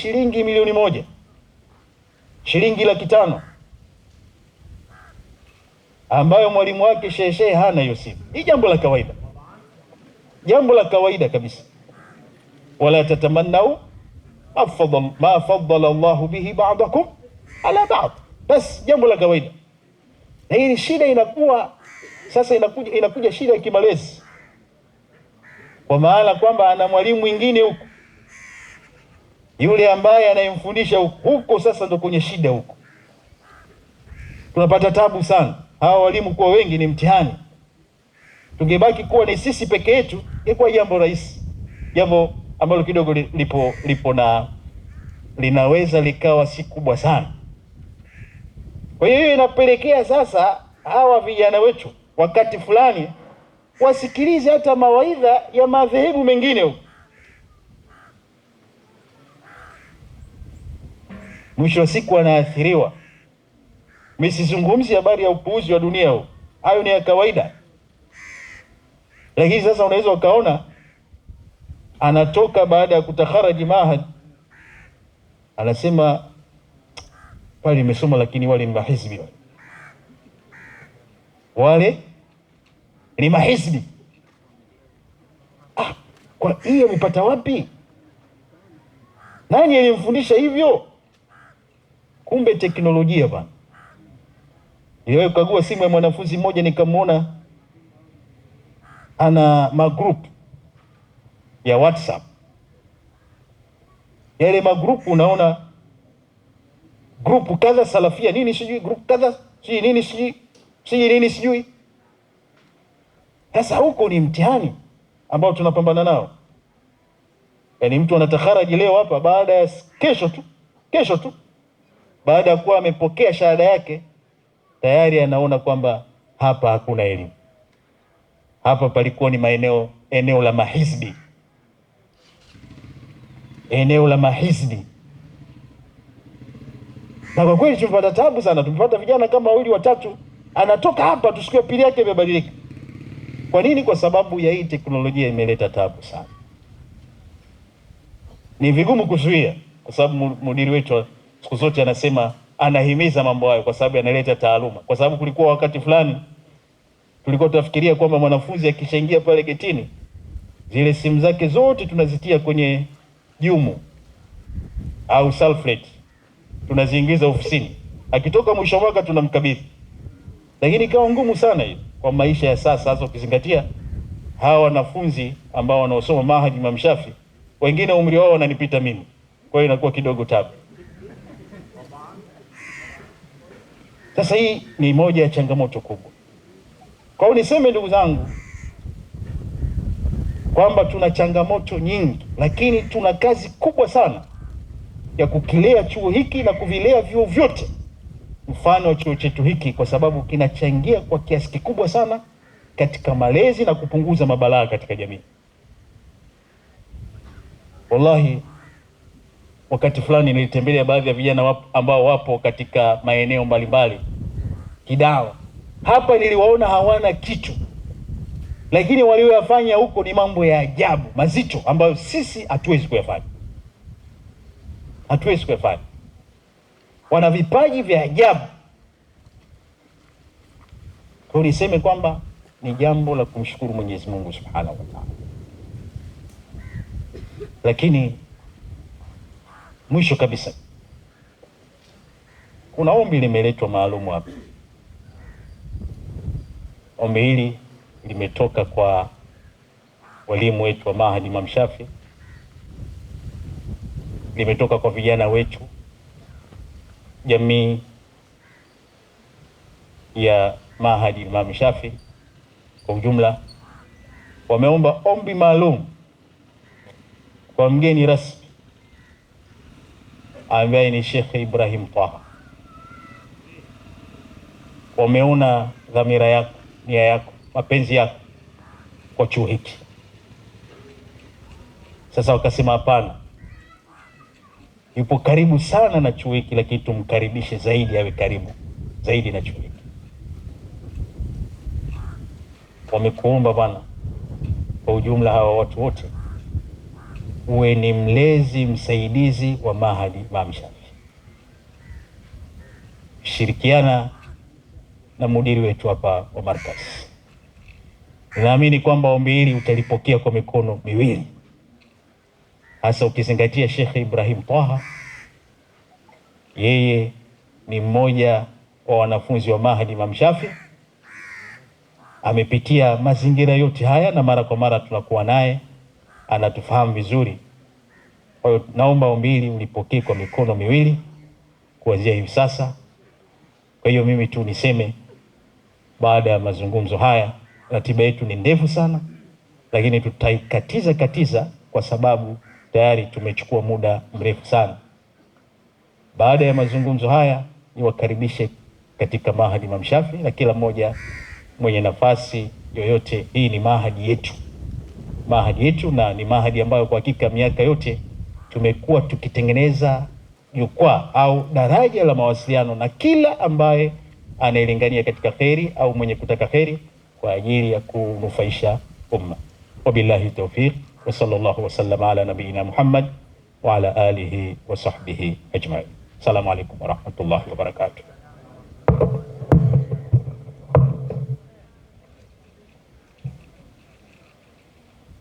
shilingi milioni moja, shilingi laki tano ambayo mwalimu wake sheheshehe hana hiyo simu. Ni jambo la kawaida, jambo la kawaida kabisa. Wala tatamannau ma faddala Allahu bihi ba'dakum ala ba'd, basi jambo la kawaida. Na hii shida inakuwa sasa, inakuja, inakuja shida ya kimalezi, kwa maana kwamba ana mwalimu mwingine huko yule ambaye anayemfundisha huko sasa ndo kwenye shida huko, tunapata tabu sana. Hawa walimu kuwa wengi ni mtihani. Tungebaki kuwa ni sisi peke yetu, ingekuwa jambo rahisi, jambo ambalo kidogo lipo lipo na linaweza likawa si kubwa sana. Kwa hiyo inapelekea sasa hawa vijana wetu wakati fulani wasikilize hata mawaidha ya madhehebu mengine huko mwisho wa siku anaathiriwa Misizungumzi habari ya upuuzi wa dunia huu, hayo ni ya kawaida. Lakini sasa unaweza ukaona anatoka baada ya kutakharaji mahad, anasema pale nimesoma, lakini wale ni mahizbi, wale wale ni mahizbi. Ah, kwa hiyo amepata wapi? Nani alimfundisha hivyo? kumbe teknolojia bana. Niliwahi kukagua simu ya mwanafunzi mmoja nikamwona ana magrupu ya WhatsApp. Yale magrupu unaona grupu kadha salafia nini sijui group kadha sijui nini sijui sijui nini sijui. Sasa huko ni mtihani ambao tunapambana nao, yaani mtu anataharaji leo hapa, baada ya kesho tu kesho tu baada ya kuwa amepokea shahada yake tayari anaona kwamba hapa hakuna elimu, hapa palikuwa ni maeneo eneo la mahizbi, eneo la mahizbi. Na kwa kweli tumepata tabu sana, tumepata vijana kama wawili watatu, anatoka hapa tusikie pili yake imebadilika. Kwa nini? Kwa sababu ya hii teknolojia imeleta tabu sana, ni vigumu kuzuia, kwa sababu mudiri wetu siku zote anasema anahimiza mambo hayo kwa sababu yanaleta taaluma, kwa sababu kulikuwa wakati fulani tulikuwa tunafikiria kwamba mwanafunzi akishaingia pale getini zile simu zake zote tunazitia kwenye jumu au sulfate tunaziingiza ofisini, akitoka mwisho mwaka tunamkabidhi. Lakini ikawa ngumu sana hiyo kwa maisha ya sasa, hasa ukizingatia hawa wanafunzi ambao wanaosoma mahadi Imam Shafi wengine umri wao wananipita mimi, kwa hiyo inakuwa kidogo tabu. Sasa hii ni moja ya changamoto kubwa. Kwa hiyo niseme ndugu zangu kwamba tuna changamoto nyingi, lakini tuna kazi kubwa sana ya kukilea chuo hiki na kuvilea vyuo vyote mfano wa chuo chetu hiki, kwa sababu kinachangia kwa kiasi kikubwa sana katika malezi na kupunguza mabalaa katika jamii. Wallahi wakati fulani nilitembelea baadhi ya vijana wapo, ambao wapo katika maeneo mbalimbali Kidawa hapa, niliwaona hawana kitu, lakini walioyafanya huko ni mambo ya ajabu mazito ambayo sisi hatuwezi kuyafanya, hatuwezi kuyafanya. Wana vipaji vya ajabu. Kwa niseme kwamba ni jambo la kumshukuru Mwenyezi Mungu Subhanahu wa Ta'ala, lakini Mwisho kabisa, kuna ombi limeletwa maalum hapa. Ombi hili limetoka kwa walimu wetu wa Mahadi Imam Shafi, limetoka kwa vijana wetu, jamii ya Mahadi Imam Shafi kwa ujumla, wameomba ombi maalum kwa mgeni rasmi ambaye ni Sheikh Ibrahim Taha. Wameona dhamira yako, nia yako, mapenzi yako kwa chuo hiki. Sasa wakasema hapana, yupo karibu sana na chuo hiki, lakini tumkaribishe zaidi, awe karibu zaidi na chuo hiki. Wamekuomba bwana, kwa ujumla hawa watu wote uwe ni mlezi msaidizi wa Mahadi mamshafi shirikiana na mudiri wetu hapa wa markazi. Naamini kwamba ombi hili utalipokea kwa mikono miwili, hasa ukizingatia Sheikh Ibrahim Taha, yeye ni mmoja wa wanafunzi wa Mahadi mamshafi amepitia mazingira yote haya na mara kwa mara tunakuwa naye anatufahamu vizuri. Kwa hiyo naomba ombi hili kwa mikono miwili kuanzia hivi sasa. Kwa hiyo mimi tu niseme baada ya mazungumzo haya, ratiba yetu ni ndefu sana, lakini tutaikatiza katiza kwa sababu tayari tumechukua muda mrefu sana. Baada ya mazungumzo haya, niwakaribishe katika Mahadi Imam Shafi na kila mmoja mwenye nafasi yoyote, hii ni mahadi yetu mahadi yetu, na ni mahadi ambayo kwa hakika miaka yote tumekuwa tukitengeneza jukwaa au daraja la mawasiliano na kila ambaye anayelingania katika kheri au mwenye kutaka kheri kwa ajili ya kunufaisha umma. Wabillahi tawfiq wa sallallahu wasallam ala nabiina Muhammad wa ala alihi wa sahbihi ajmain. Assalamu alaykum wa rahmatullahi wa barakatuh.